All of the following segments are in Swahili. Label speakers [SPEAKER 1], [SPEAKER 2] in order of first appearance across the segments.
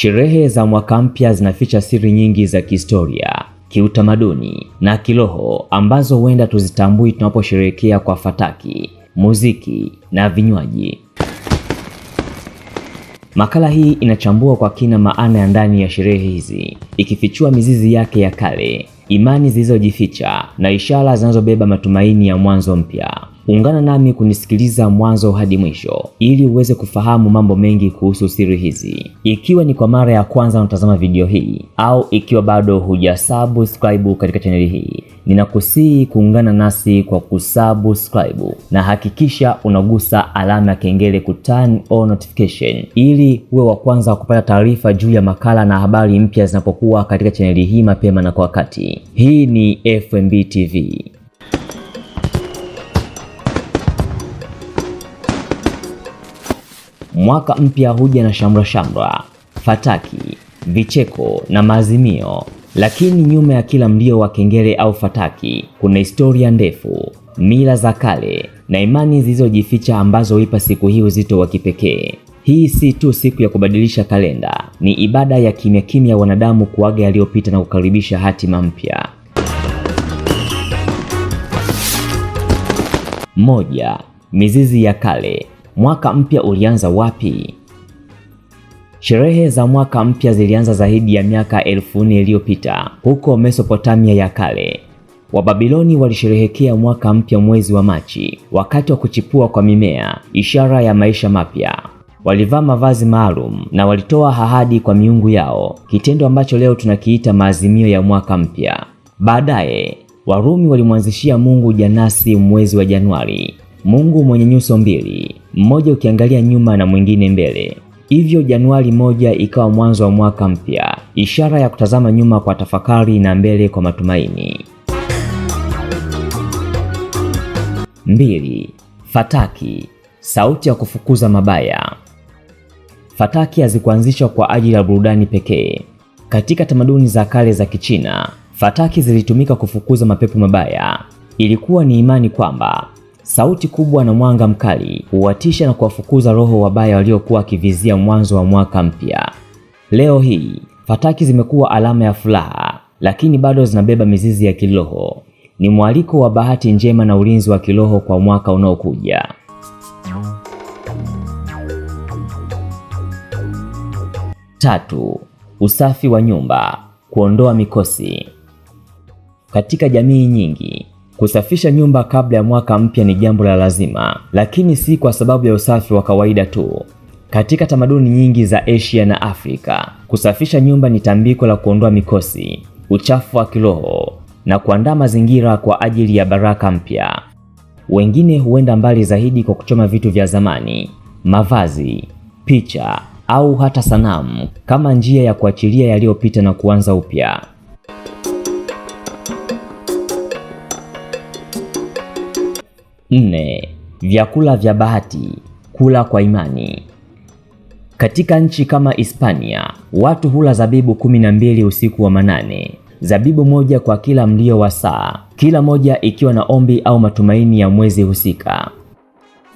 [SPEAKER 1] Sherehe za mwaka mpya zinaficha siri nyingi za kihistoria, kiutamaduni na kiroho ambazo huenda tuzitambui tunaposherehekea kwa fataki, muziki na vinywaji. Makala hii inachambua kwa kina maana ya ndani ya sherehe hizi, ikifichua mizizi yake ya kale, imani zilizojificha na ishara zinazobeba matumaini ya mwanzo mpya. Ungana nami kunisikiliza mwanzo hadi mwisho ili uweze kufahamu mambo mengi kuhusu siri hizi. Ikiwa ni kwa mara ya kwanza unatazama video hii au ikiwa bado hujasubscribe katika chaneli hii, ninakusihi kuungana nasi kwa kusubscribe na hakikisha unagusa alama ya kengele ku turn on notification ili uwe wa kwanza kupata taarifa juu ya makala na habari mpya zinapokuwa katika chaneli hii mapema na kwa wakati. Hii ni FMB TV. Mwaka mpya huja na shamra shamra, fataki, vicheko na maazimio, lakini nyuma ya kila mlio wa kengele au fataki kuna historia ndefu, mila za kale na imani zilizojificha ambazo huipa siku hii uzito wa kipekee. Hii si tu siku ya kubadilisha kalenda, ni ibada ya kimya kimya, wanadamu kuaga yaliyopita na kukaribisha hatima mpya. Moja, mizizi ya kale mwaka mpya ulianza wapi? Sherehe za mwaka mpya zilianza zaidi ya miaka elfu nne iliyopita huko Mesopotamia ya kale. Wababiloni walisherehekea mwaka mpya mwezi wa Machi, wakati wa kuchipua kwa mimea, ishara ya maisha mapya. Walivaa mavazi maalum na walitoa ahadi kwa miungu yao, kitendo ambacho leo tunakiita maazimio ya mwaka mpya. Baadaye Warumi walimwanzishia mungu Janasi mwezi wa Januari, mungu mwenye nyuso mbili mmoja ukiangalia nyuma na mwingine mbele. Hivyo Januari moja ikawa mwanzo wa mwaka mpya, ishara ya kutazama nyuma kwa tafakari na mbele kwa matumaini. Mbili. Fataki, sauti ya kufukuza mabaya. Fataki hazikuanzishwa kwa ajili ya burudani pekee. Katika tamaduni za kale za Kichina, fataki zilitumika kufukuza mapepo mabaya. Ilikuwa ni imani kwamba Sauti kubwa na mwanga mkali huwatisha na kuwafukuza roho wabaya waliokuwa wakivizia mwanzo wa mwaka mpya. Leo hii fataki zimekuwa alama ya furaha, lakini bado zinabeba mizizi ya kiroho. Ni mwaliko wa bahati njema na ulinzi wa kiroho kwa mwaka unaokuja. Tatu, usafi wa nyumba, kuondoa mikosi. Katika jamii nyingi Kusafisha nyumba kabla ya mwaka mpya ni jambo la lazima, lakini si kwa sababu ya usafi wa kawaida tu. Katika tamaduni nyingi za Asia na Afrika, kusafisha nyumba ni tambiko la kuondoa mikosi, uchafu wa kiroho na kuandaa mazingira kwa ajili ya baraka mpya. Wengine huenda mbali zaidi kwa kuchoma vitu vya zamani, mavazi, picha au hata sanamu kama njia ya kuachilia yaliyopita na kuanza upya. Nne, vyakula vya bahati, kula kwa imani. Katika nchi kama Hispania, watu hula zabibu 12 na mbili usiku wa manane, zabibu moja kwa kila mlio wa saa, kila moja ikiwa na ombi au matumaini ya mwezi husika.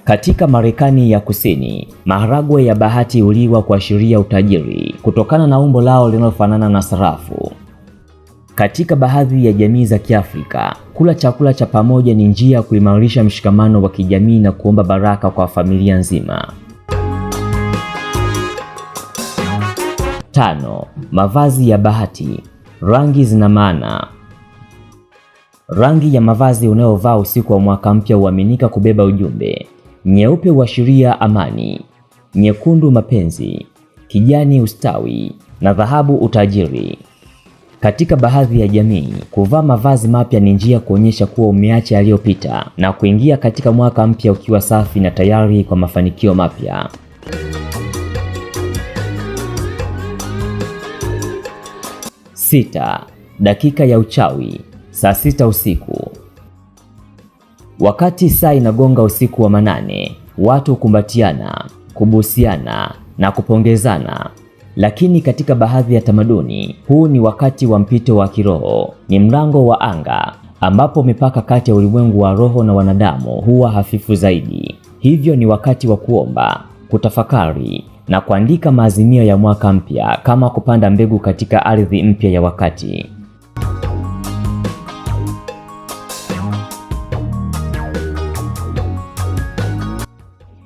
[SPEAKER 1] Katika Marekani ya Kusini, maharagwe ya bahati huliwa kuashiria utajiri kutokana na umbo lao linalofanana na sarafu. Katika baadhi ya jamii za Kiafrika, kula chakula cha pamoja ni njia ya kuimarisha mshikamano wa kijamii na kuomba baraka kwa familia nzima. Tano, mavazi ya bahati. Rangi zina maana. Rangi ya mavazi unayovaa usiku wa mwaka mpya huaminika kubeba ujumbe. Nyeupe huashiria amani, nyekundu mapenzi, kijani ustawi na dhahabu utajiri. Katika baadhi ya jamii, kuvaa mavazi mapya ni njia kuonyesha kuwa umeacha yaliyopita na kuingia katika mwaka mpya ukiwa safi na tayari kwa mafanikio mapya. Sita, dakika ya uchawi, saa sita usiku. Wakati saa inagonga usiku wa manane, watu hukumbatiana, kubusiana na kupongezana lakini katika baadhi ya tamaduni, huu ni wakati wa mpito wa kiroho, ni mlango wa anga ambapo mipaka kati ya ulimwengu wa roho na wanadamu huwa hafifu zaidi. Hivyo ni wakati wa kuomba, kutafakari na kuandika maazimio ya mwaka mpya kama kupanda mbegu katika ardhi mpya ya wakati.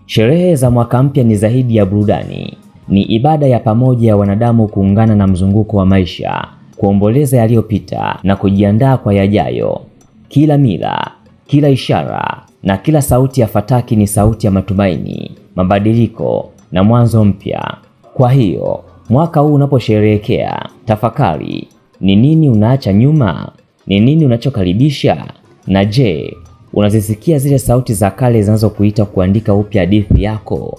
[SPEAKER 1] Sherehe za mwaka mpya ni zaidi ya burudani. Ni ibada ya pamoja ya wanadamu kuungana na mzunguko wa maisha, kuomboleza yaliyopita na kujiandaa kwa yajayo. Kila mila, kila ishara na kila sauti ya fataki ni sauti ya matumaini, mabadiliko na mwanzo mpya. Kwa hiyo, mwaka huu unaposherehekea, tafakari, ni nini unaacha nyuma? Ni nini unachokaribisha? Na je, unazisikia zile sauti za kale zinazokuita kuandika upya hadithi yako?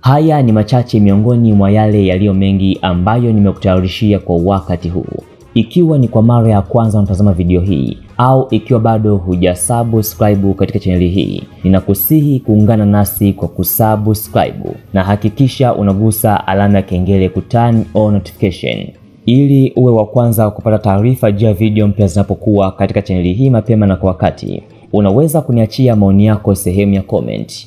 [SPEAKER 1] Haya ni machache miongoni mwa yale yaliyo mengi ambayo nimekutayarishia kwa wakati huu. Ikiwa ni kwa mara ya kwanza unatazama video hii au ikiwa bado hujasubscribe katika chaneli hii, ninakusihi kuungana nasi kwa kusubscribe na hakikisha unagusa alama ya kengele ku turn on notification ili uwe wa kwanza kupata taarifa juu ya video mpya zinapokuwa katika chaneli hii mapema na kwa wakati. Unaweza kuniachia maoni yako sehemu ya comment